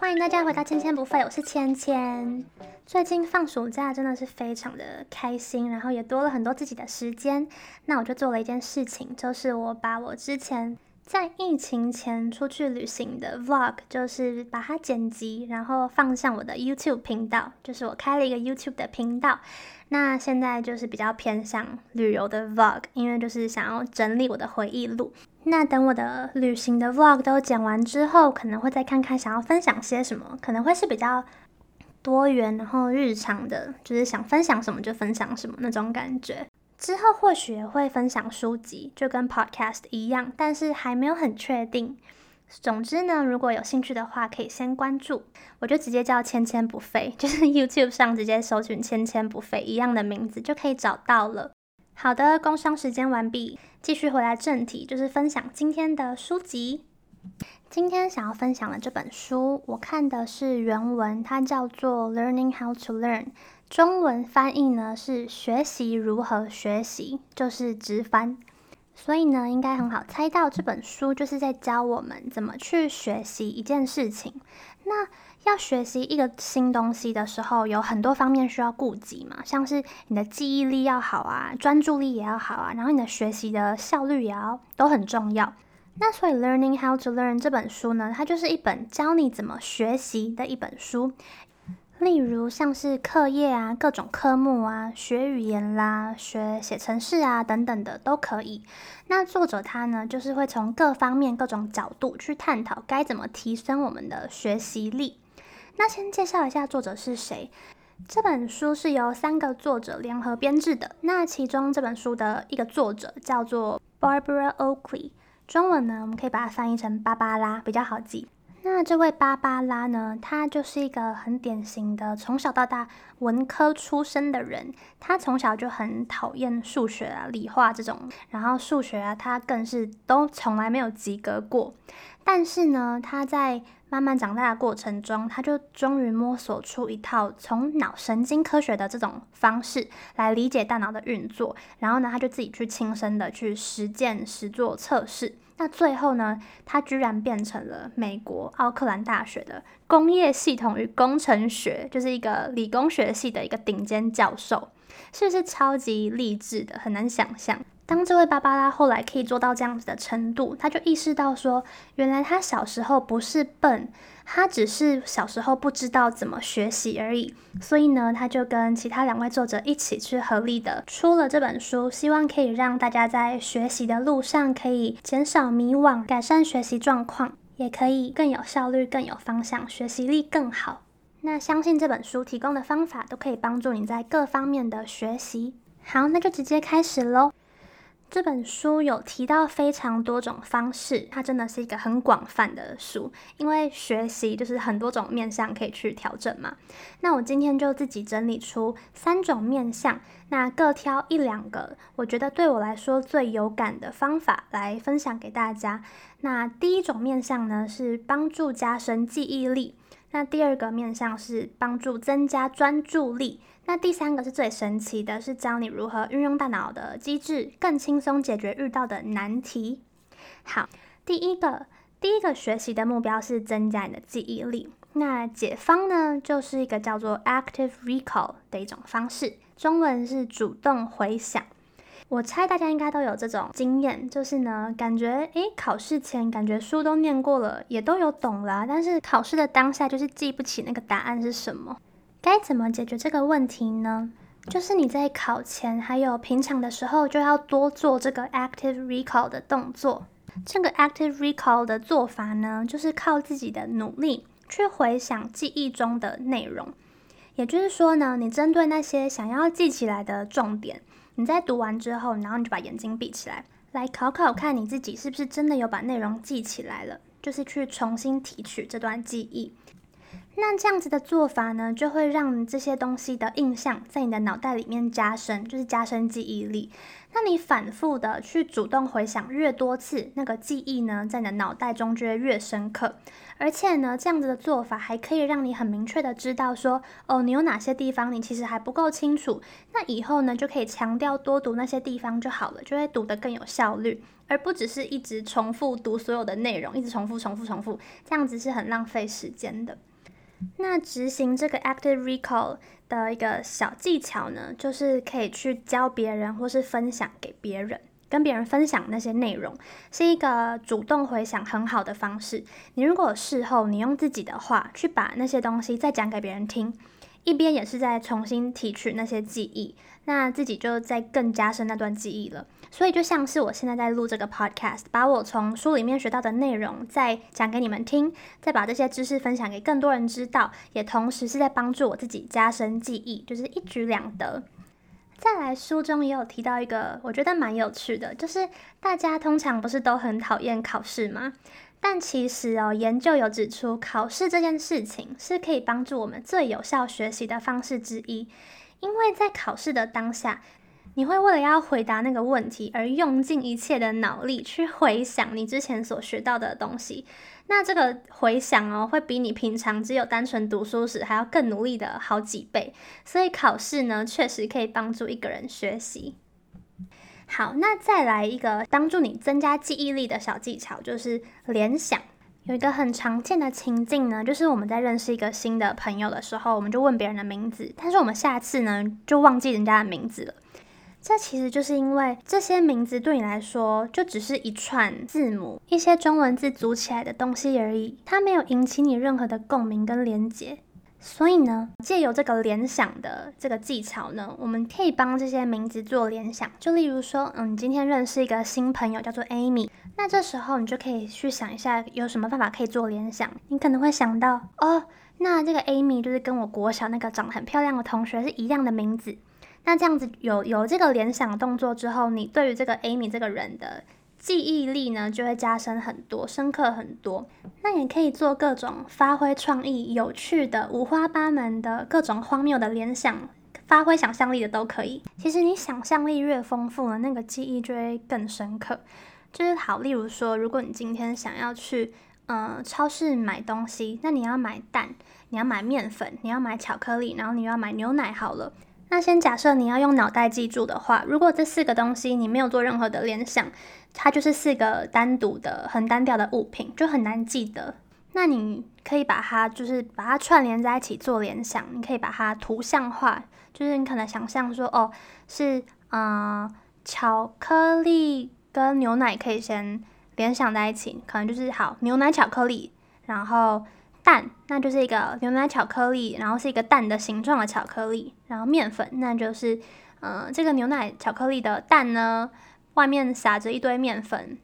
歡迎大家回到千千不廢，我是千千。最近放暑假真的是非常的開心，然後也多了很多自己的時間。那我就做了一件事情，就是我把我之前在疫情前出去旅行的 Vlog，就是把它剪輯，然後放上我的 YouTube 頻道。就是我開了一個 YouTube 的頻道。那現在就是比較偏向旅遊的 Vlog，因為就是想要整理我的回憶錄。那等我的旅行的 Vlog 都剪完之後，可能會再看看想要分享些什麼，可能會是比較多元，然後日常的，就是想分享什麼就分享什麼那種感覺。之後或許也會分享書籍，就跟 Podcast 一樣，但是還沒有很確定。總之呢，如果有興趣的話，可以先關注，我就直接叫千千不費，就是 YouTube 上直接搜尋“千千不費”一樣的名字就可以找到了。好的，工商時間完畢，繼續回來正題，就是分享今天的書籍。今天想要分享的這本書，我看的是原文，它叫做《Learning How to Learn》。中文翻譯呢是學習如何學習，就是直翻，所以呢應該很好猜到這本書就是在教我們怎麼去學習一件事情。那要學習一個新東西的時候，有很多方面需要顧及嘛，像是你的記憶力要好啊，專注力也要好啊，然後你的學習的效率也要，都很重要。那所以《Learning How to Learn》這本書呢，它就是一本教你怎麼學習的一本書。例如像是課業啊、各種科目啊、學語言啦、學寫程式啊等等的都可以。那作者他呢，就是會從各方面、各種角度去探討該怎麼提升我們的學習力。那先介紹一下作者是誰。這本書是由三個作者聯合編製的。那其中這本書的一個作者叫做 Barbara Oakley，中文呢我們可以把它翻譯成芭芭拉，比較好記。那這位芭芭拉呢，她就是一個很典型的從小到大文科出身的人。她從小就很討厭數學啊、理化這種，然後數學啊，她更是都從來沒有及格過。但是呢，她在慢慢長大的過程中，她就終於摸索出一套從腦神經科學的這種方式來理解大腦的運作。然後呢，她就自己去親身的去實踐、實做測試。那最後呢，他居然變成了美國奧克蘭大學的工業系統與工程學，就是一個理工學系的一個頂尖教授，是不是超級勵志的？很難想象。當這位芭芭拉後來可以做到這樣子的程度，他就意識到說，原來他小時候不是笨，他只是小時候不知道怎麼學習而已。所以呢，他就跟其他兩位作者一起去合力的出了這本書，希望可以讓大家在學習的路上可以減少迷惘，改善學習狀況，也可以更有效率、更有方向，學習力更好。那相信這本書提供的方法都可以幫助你在各方面的學習。好，那就直接開始嘍。這本書有提到非常多種方式，它真的是一個很廣泛的書，因為學習就是很多種面向可以去調整嘛。那我今天就自己整理出三種面向，那各挑一兩個，我覺得對我來說最有感的方法來分享給大家。那第一種面向呢是幫助加深記憶力，那第二個面向是幫助增加專注力。那第三個是最神奇的，是教你如何運用大腦的機制，更輕鬆解決遇到的難題。好，第一個，第一個學習的目標是增加你的記憶力。那解方呢，就是一個叫做 active recall 的一種方式，中文是主動回想。我猜大家應該都有這種經驗，就是呢，感覺哎，考試前感覺書都念過了，也都有懂啦，但是考試的當下就是記不起那個答案是什麼。該怎麼解決這個問題呢？就是你在考前還有平常的時候，就要多做這個 Active Recall 的動作。這個 Active Recall 的做法呢，就是靠自己的努力去回想記憶中的內容。也就是說呢，你針對那些想要記起來的重點，你在讀完之後，然後你就把眼睛閉起來，來考考看你自己是不是真的有把內容記起來了，就是去重新提取這段記憶。那這樣子的做法呢，就會讓這些東西的印象在你的腦袋裡面加深，就是加深記憶力。那你反覆的去主動回想越多次，那個記憶呢，在你的腦袋中就會越深刻。而且呢，這樣子的做法還可以讓你很明確的知道說，哦，你有哪些地方你其實還不夠清楚。那以後呢，就可以強調多讀那些地方就好了，就會讀得更有效率，而不只是一直重複讀所有的內容，一直重複、重複、重複，這樣子是很浪費時間的。那執行這個 Active Recall 的一個小技巧呢，就是可以去教別人，或是分享給別人，跟別人分享那些內容，是一個主動回想很好的方式。你如果事後你用自己的話去把那些東西再講給別人聽。一邊也是在重新提取那些記憶，那自己就在更加深那段記憶了。所以就像是我現在在錄這個 podcast，把我從書裡面學到的內容再講給你們聽，再把這些知識分享給更多人知道，也同時是在幫助我自己加深記憶，就是一舉兩得。再來，書中也有提到一個我覺得蠻有趣的，就是大家通常不是都很討厭考試嗎？但其實哦，研究有指出，考試這件事情是可以幫助我們最有效學習的方式之一，因為在考試的當下，你會為了要回答那個問題而用盡一切的腦力去回想你之前所學到的東西，那這個回想哦，會比你平常只有單純讀書時還要更努力的好幾倍，所以考試呢，確實可以幫助一個人學習。好，那再來一個幫助你增加記憶力的小技巧，就是聯想。有一個很常見的情境呢，就是我們在認識一個新的朋友的時候，我們就問別人的名字，但是我們下次呢就忘記人家的名字了。這其實就是因為這些名字對你來說就只是一串字母，一些中文字組起來的東西而已，它沒有引起你任何的共鳴跟連結。所以呢，借由這個聯想的這個技巧呢，我們可以幫這些名字做聯想。就例如說，嗯，你今天認識一個新朋友叫做 Amy，那這時候你就可以去想一下，有什麼辦法可以做聯想。你可能會想到，哦，那這個 Amy 就是跟我國小那個長得很漂亮的同學是一樣的名字。那這樣子有有這個聯想動作之後，你對於這個 Amy 這個人的記憶力呢，就會加深很多，深刻很多。那也可以做各種發揮創意、有趣的、五花八門的各種荒謬的聯想，發揮想象力的都可以。其實你想象力越豐富了，那個記憶就會更深刻。就是好，例如說，如果你今天想要去呃超市買東西，那你要買蛋，你要買麵粉，你要買巧克力，然後你要買牛奶，好了。那先假設你要用腦袋記住的話，如果這四個東西你沒有做任何的聯想，它就是四個單獨的、很單調的物品，就很難記得。那你可以把它就是把它串聯在一起做聯想，你可以把它圖像化，就是你可能想象說，哦，是嗯、呃，巧克力跟牛奶可以先聯想在一起，可能就是好牛奶巧克力，然後。蛋，那就是一個牛奶巧克力，然後是一個蛋的形狀的巧克力，然後麵粉，那就是，呃，這個牛奶巧克力的蛋呢，外面撒着一堆麵粉。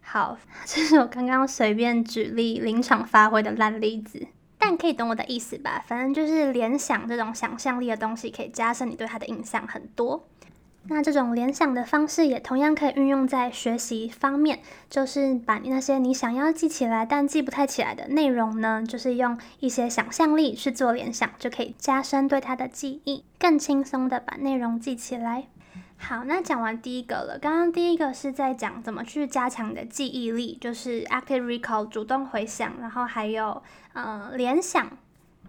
好，這是我剛剛隨便舉例、臨場發揮的爛例子，但可以懂我的意思吧？反正就是聯想這種想象力的東西，可以加深你對它的印象很多。那這種聯想的方式也同樣可以運用在學習方面，就是把那些你想要記起來但記不太起來的內容呢，就是用一些想象力去做聯想，就可以加深對它的記憶，更輕鬆的把內容記起來。好，那講完第一個了，剛剛第一個是在講怎麼去加強你的記憶力，就是 Active Recall 主動回想，然後還有呃聯想。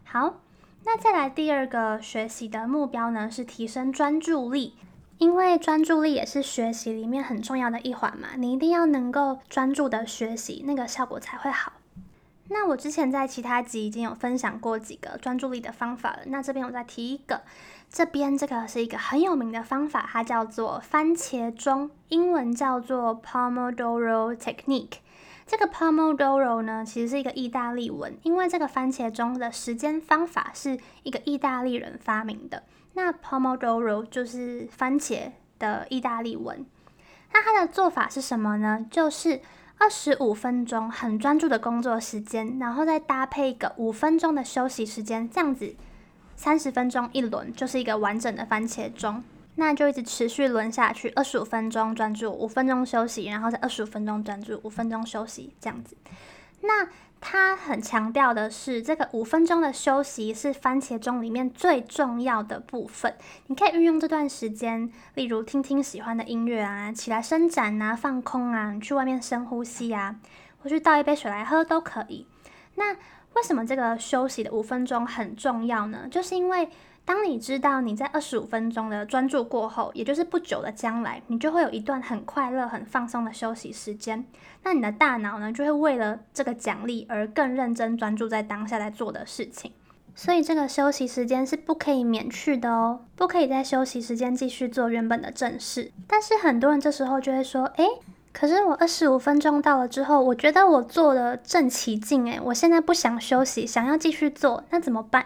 好，那再來第二個學習的目標呢，是提升專注力。因為專注力也是學習裡面很重要的一環嘛，你一定要能夠專注的學習，那個效果才會好。那我之前在其他集已經有分享過幾個專注力的方法了，那這邊我再提一個，這邊這個是一個很有名的方法，它叫做番茄鐘，英文叫做 Pomodoro Technique。這個 Pomodoro 呢，其實是一個意大利文，因為這個番茄鐘的時間方法是一個意大利人發明的。那 Pomodoro 就是番茄的意大利文，那它的做法是什麼呢？就是二十五分鐘很專注的工作時間，然後再搭配一個五分鐘的休息時間，這樣子三十分鐘一輪就是一個完整的番茄鐘，那就一直持續輪下去。二十五分鐘專注，五分鐘休息，然後再二十五分鐘專注，五分鐘休息，這樣子。那他很強調的是，這個五分鐘的休息是番茄鐘裡面最重要的部分。你可以運用這段時間，例如聽聽喜歡的音樂啊，起來伸展啊，放空啊，你去外面深呼吸啊，或去倒一杯水來喝都可以。那為什麼這個休息的五分鐘很重要呢？就是因為當你知道你在二十五分鐘的專注過後，也就是不久的將來，你就會有一段很快樂、很放鬆的休息時間。那你的大腦呢，就會為了這個獎勵而更認真專注在當下在做的事情。所以這個休息時間是不可以免去的哦，不可以在休息時間繼續做原本的正事。但是很多人這時候就會說，哎、欸。可是我二十五分鐘到了之後，我覺得我做的正起勁誒，我現在不想休息，想要繼續做，那怎麼辦？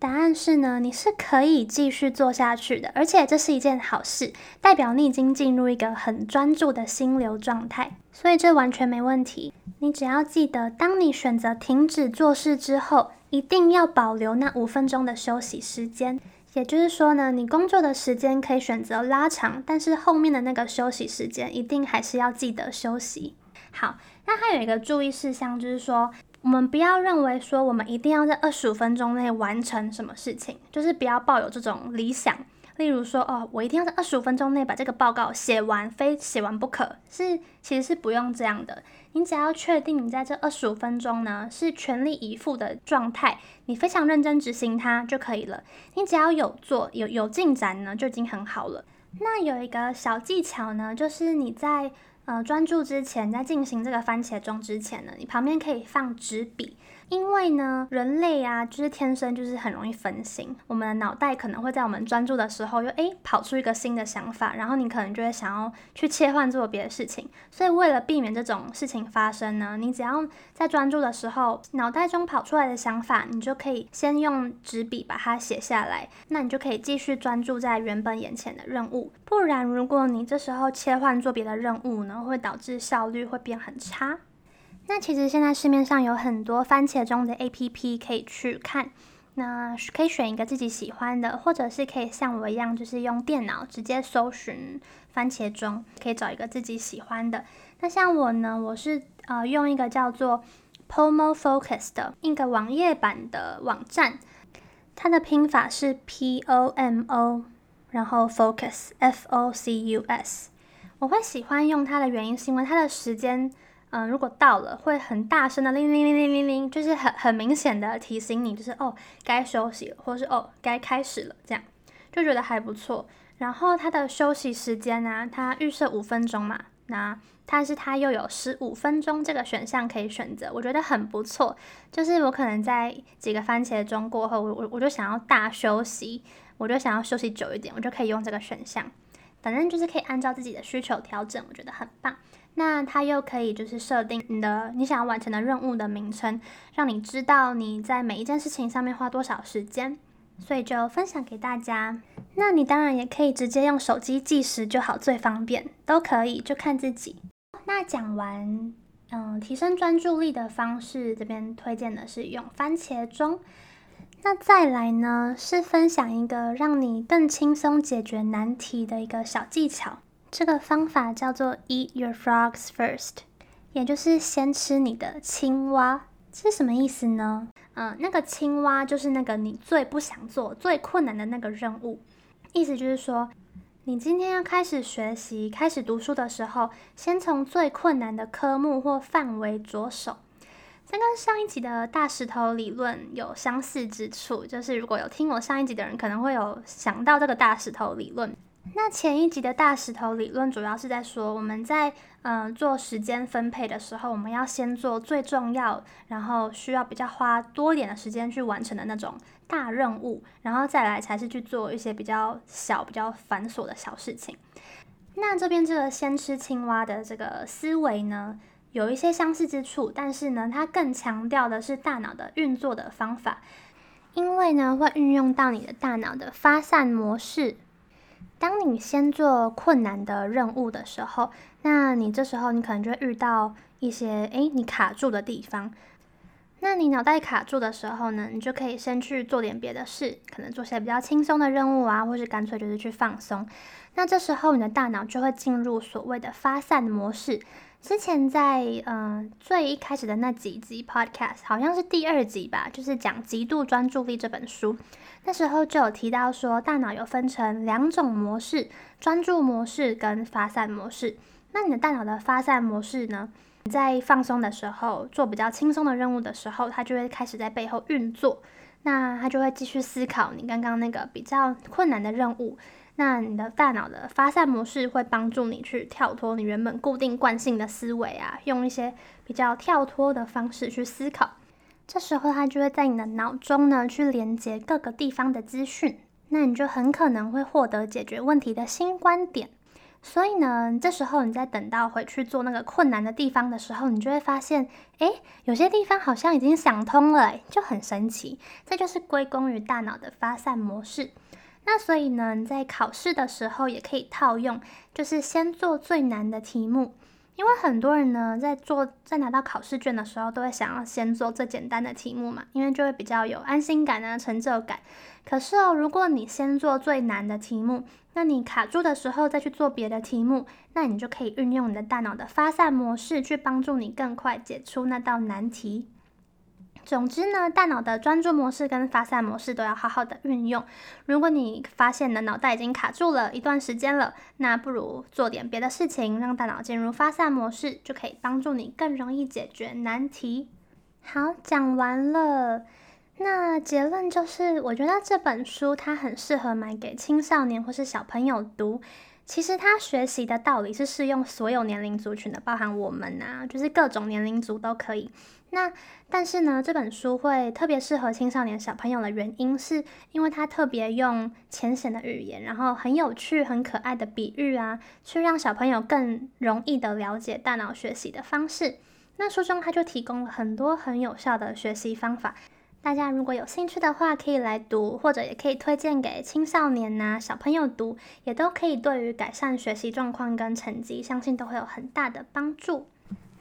答案是呢，你是可以繼續做下去的，而且這是一件好事，代表你已經進入一個很專注的心流狀態，所以這完全沒問題。你只要記得，當你選擇停止做事之後，一定要保留那五分鐘的休息時間。也就是說呢，你工作的時間可以選擇拉長，但是後面的那個休息時間一定還是要記得休息。好，那還有一個注意事項就是說，我們不要認為說我們一定要在二十五分鐘內完成什麼事情，就是不要抱有這種理想。例如說，哦，我一定要在二十五分鐘內把這個報告寫完，非寫完不可。是，其實是不用這樣的。你只要確定你在這二十五分鐘呢，是全力以赴的狀態，你非常認真執行它就可以了。你只要有做有有進展呢，就已經很好了。那有一個小技巧呢，就是你在呃專注之前，在進行這個番茄鐘之前呢，你旁邊可以放紙筆。因為呢，人類啊，就是天生就是很容易分心。我們的腦袋可能會在我們專注的時候又，又哎跑出一個新的想法，然後你可能就會想要去切換做別的事情。所以為了避免這種事情發生呢，你只要在專注的時候，腦袋中跑出來的想法，你就可以先用紙筆把它寫下來。那你就可以繼續專注在原本眼前的任務。不然，如果你這時候切換做別的任務呢，會導致效率會變很差。那其實現在市面上有很多番茄鐘的 A P P 可以去看，那可以選一個自己喜歡的，或者是可以像我一樣，就是用電腦直接搜尋番茄鐘，可以找一個自己喜歡的。那像我呢，我是呃用一個叫做 Pomo Focus 的一個網頁版的網站，它的拼法是 P O M O，然後 Focus F O C U S。我會喜歡用它的原因是因為它的時間。嗯，如果到了會很大聲的鈴鈴鈴鈴鈴鈴，就是很很明顯的提醒你，就是哦該休息了，或是哦該開始了，這樣就覺得還不錯。然後它的休息時間呢、啊，它預設五分鐘嘛，那、啊、但是它又有十五分鐘這個選項可以選擇，我覺得很不錯。就是我可能在幾個番茄鐘過後，我我我就想要大休息，我就想要休息久一點，我就可以用這個選項，反正就是可以按照自己的需求調整，我覺得很棒。那它又可以就是設定你的你想要完成的任務的名稱，讓你知道你在每一件事情上面花多少時間，所以就分享給大家。那你當然也可以直接用手機計時就好，最方便，都可以，就看自己。那講完，嗯、呃，提升專注力的方式，這邊推薦的是用番茄鐘。那再來呢，是分享一個讓你更輕鬆解決難題的一個小技巧。這個方法叫做 Eat Your Frogs First，也就是先吃你的青蛙，這是什麼意思呢？嗯、呃，那個青蛙就是那個你最不想做、最困難的那個任務。意思就是說，你今天要開始學習、開始讀書的時候，先從最困難的科目或範圍着手。這跟上一集的大石頭理論有相似之處，就是如果有聽我上一集的人，可能會有想到這個大石頭理論。那前一集的大石頭理論主要是在說，我們在嗯、呃、做時間分配的時候，我們要先做最重要，然後需要比較花多一點的時間去完成的那種大任務，然後再來才是去做一些比較小、比較繁瑣的小事情。那這邊這個先吃青蛙的這個思維呢，有一些相似之處，但是呢，它更強調的是大腦的運作的方法，因為呢會運用到你的大腦的發散模式。當你先做困難的任務的時候，那你這時候你可能就會遇到一些誒，你卡住的地方。那你腦袋卡住的時候呢，你就可以先去做點別的事，可能做些比較輕鬆的任務啊，或是乾脆就是去放鬆。那這時候你的大腦就會進入所謂的發散模式。之前在嗯、呃、最一開始的那幾集 podcast 好像是第二集吧，就是講《極度專注力》這本書，那時候就有提到說，大腦有分成兩種模式，專注模式跟發散模式。那你的大腦的發散模式呢，你在放鬆的時候，做比較輕鬆的任務的時候，它就會開始在背後運作，那它就會繼續思考你剛剛那個比較困難的任務。那你的大腦的發散模式會幫助你去跳脫你原本固定慣性的思維啊，用一些比較跳脫的方式去思考。這時候它就會在你的腦中呢去連接各個地方的資訊，那你就很可能會獲得解決問題的新觀點。所以呢，這時候你再等到回去做那個困難的地方的時候，你就會發現，誒、欸，有些地方好像已經想通了、欸，就很神奇。這就是歸功於大腦的發散模式。那所以呢，你在考試的時候也可以套用，就是先做最難的題目，因為很多人呢在做在拿到考試卷的時候，都會想要先做最簡單的題目嘛，因為就會比較有安心感啊、成就感。可是哦，如果你先做最難的題目，那你卡住的時候再去做別的題目，那你就可以運用你的大腦的發散模式去幫助你更快解出那道難題。總之呢，大腦的專注模式跟發散模式都要好好的運用。如果你發現的腦袋已經卡住了一段時間了，那不如做點別的事情，讓大腦進入發散模式，就可以幫助你更容易解決難題。好，講完了。那結論就是，我覺得這本書它很適合買給青少年或是小朋友讀。其實它學習的道理是適用所有年齡族群的，包含我們啊，就是各種年齡族都可以。那但是呢，這本書會特別適合青少年小朋友的原因，是因為它特別用淺顯的語言，然後很有趣、很可愛的比喻啊，去讓小朋友更容易的了解大腦學習的方式。那書中它就提供了很多很有效的學習方法，大家如果有興趣的話，可以來讀，或者也可以推薦給青少年吶、啊、小朋友讀，也都可以對於改善學習狀況跟成績，相信都會有很大的幫助。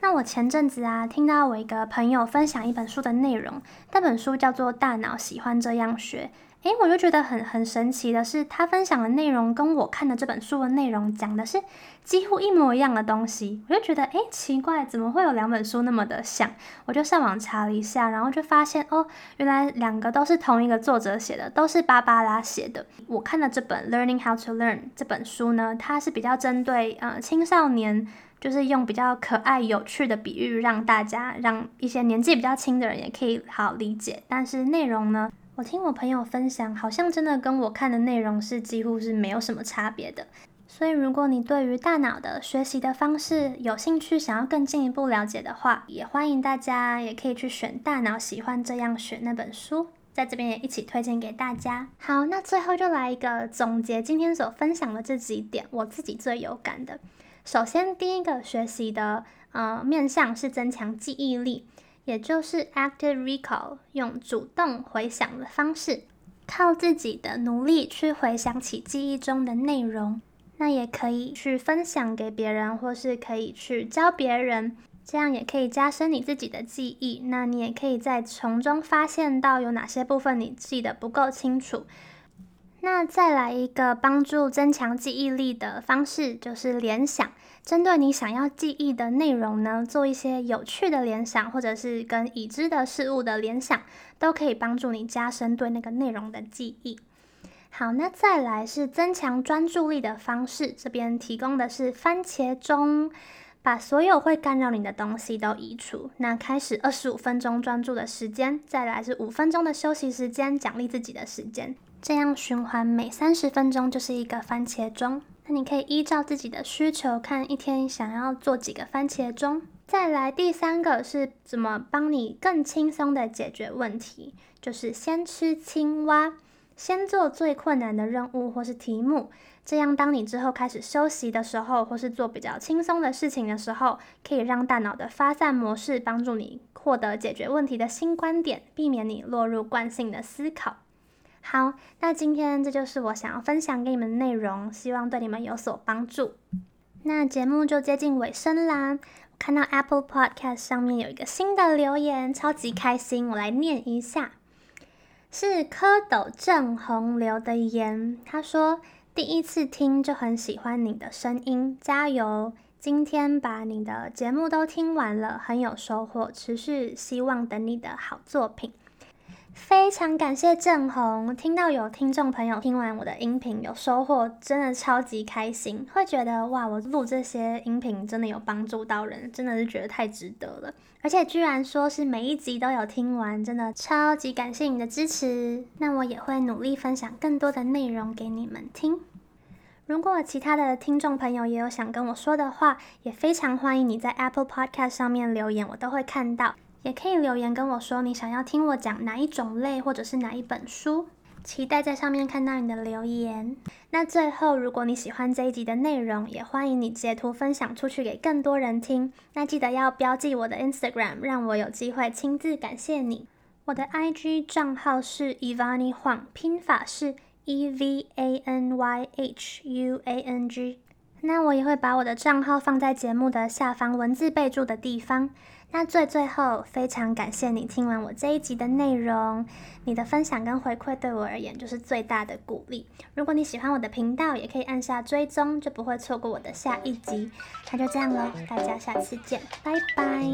那我前陣子啊，聽到我一個朋友分享一本書的內容，那本書叫做《大腦喜歡這樣學》。哎，我就覺得很很神奇的是，他分享的內容跟我看的這本書的內容講的是幾乎一模一樣的東西。我就覺得，哎，奇怪，怎麼會有兩本書那麼的像？我就上網查了一下，然後就發現，哦，原來兩個都是同一個作者寫的，都是芭芭拉寫的。我看的這本《Learning How to Learn》這本書呢，它是比較針對呃青少年。就是用比較可愛有趣的比喻，讓大家讓一些年紀比較輕的人也可以好、好理解。但是內容呢，我聽我朋友分享，好像真的跟我看的內容是幾乎是沒有什麼差別的。所以如果你對於大腦的學習的方式有興趣，想要更進一步了解的話，也歡迎大家也可以去選《大腦喜歡這樣學》那本書，在這邊也一起推薦給大家。好，那最後就來一個總結，今天所分享的這幾點，我自己最有感的。首先，第一個學習的呃面向是增強記憶力，也就是 active recall，用主動回想的方式，靠自己的努力去回想起記憶中的內容。那也可以去分享給別人，或是可以去教別人，這樣也可以加深你自己的記憶。那你也可以再從中發現到有哪些部分你記得不夠清楚。那再來一個幫助增強記憶力的方式，就是聯想。針對你想要記憶的內容呢，做一些有趣的聯想，或者是跟已知的事物的聯想，都可以幫助你加深對那個內容的記憶。好，那再來是增強專注力的方式，這邊提供的是番茄鐘，把所有會干擾你的東西都移除。那開始二十五分鐘專注的時間，再來是五分鐘的休息時間，獎勵自己的時間。這樣循環，每三十分鐘就是一個番茄鐘。那你可以依照自己的需求，看一天想要做幾個番茄鐘。再來第三個是怎麼幫你更輕鬆地解決問題，就是先吃青蛙，先做最困難的任務或是題目。這樣，當你之後開始休息的時候，或是做比較輕鬆的事情的時候，可以讓大腦的發散模式幫助你獲得解決問題的新觀點，避免你落入慣性的思考。好，那今天這就是我想要分享給你們的內容，希望對你們有所幫助。那節目就接近尾聲啦。我看到 Apple Podcast 上面有一個新的留言，超級開心，我來念一下，是蝌蚪正紅留的言。他說：“第一次聽就很喜歡你的聲音，加油！今天把你的節目都聽完了，很有收穫，持續希望等你的好作品。”非常感謝鄭紅，聽到有聽眾朋友聽完我的音頻有收穫，真的超級開心，會覺得哇，我錄這些音頻真的有幫助到人，真的是覺得太值得了。而且居然說是每一集都有聽完，真的超級感謝你的支持，那我也會努力分享更多的內容給你們聽。如果其他的聽眾朋友也有想跟我說的話，也非常歡迎你在 Apple Podcast 上面留言，我都會看到。也可以留言跟我說你想要聽我講哪一種類，或者是哪一本書。期待在上面看到你的留言。那最後，如果你喜歡這一集的內容，也歡迎你截圖分享出去給更多人聽。那記得要標記我的 Instagram，讓我有機會親自感謝你。我的 IG 賬號是 Evany Huang，拼法是 E V A N Y H U A N G。那我也會把我的賬號放在節目的下方文字備註的地方。那最最後，非常感謝你聽完我這一集的內容，你的分享跟回饋對我而言就是最大的鼓勵。如果你喜歡我的頻道，也可以按下追蹤，就不會錯過我的下一集。那就這樣咯，大家下次見，拜拜。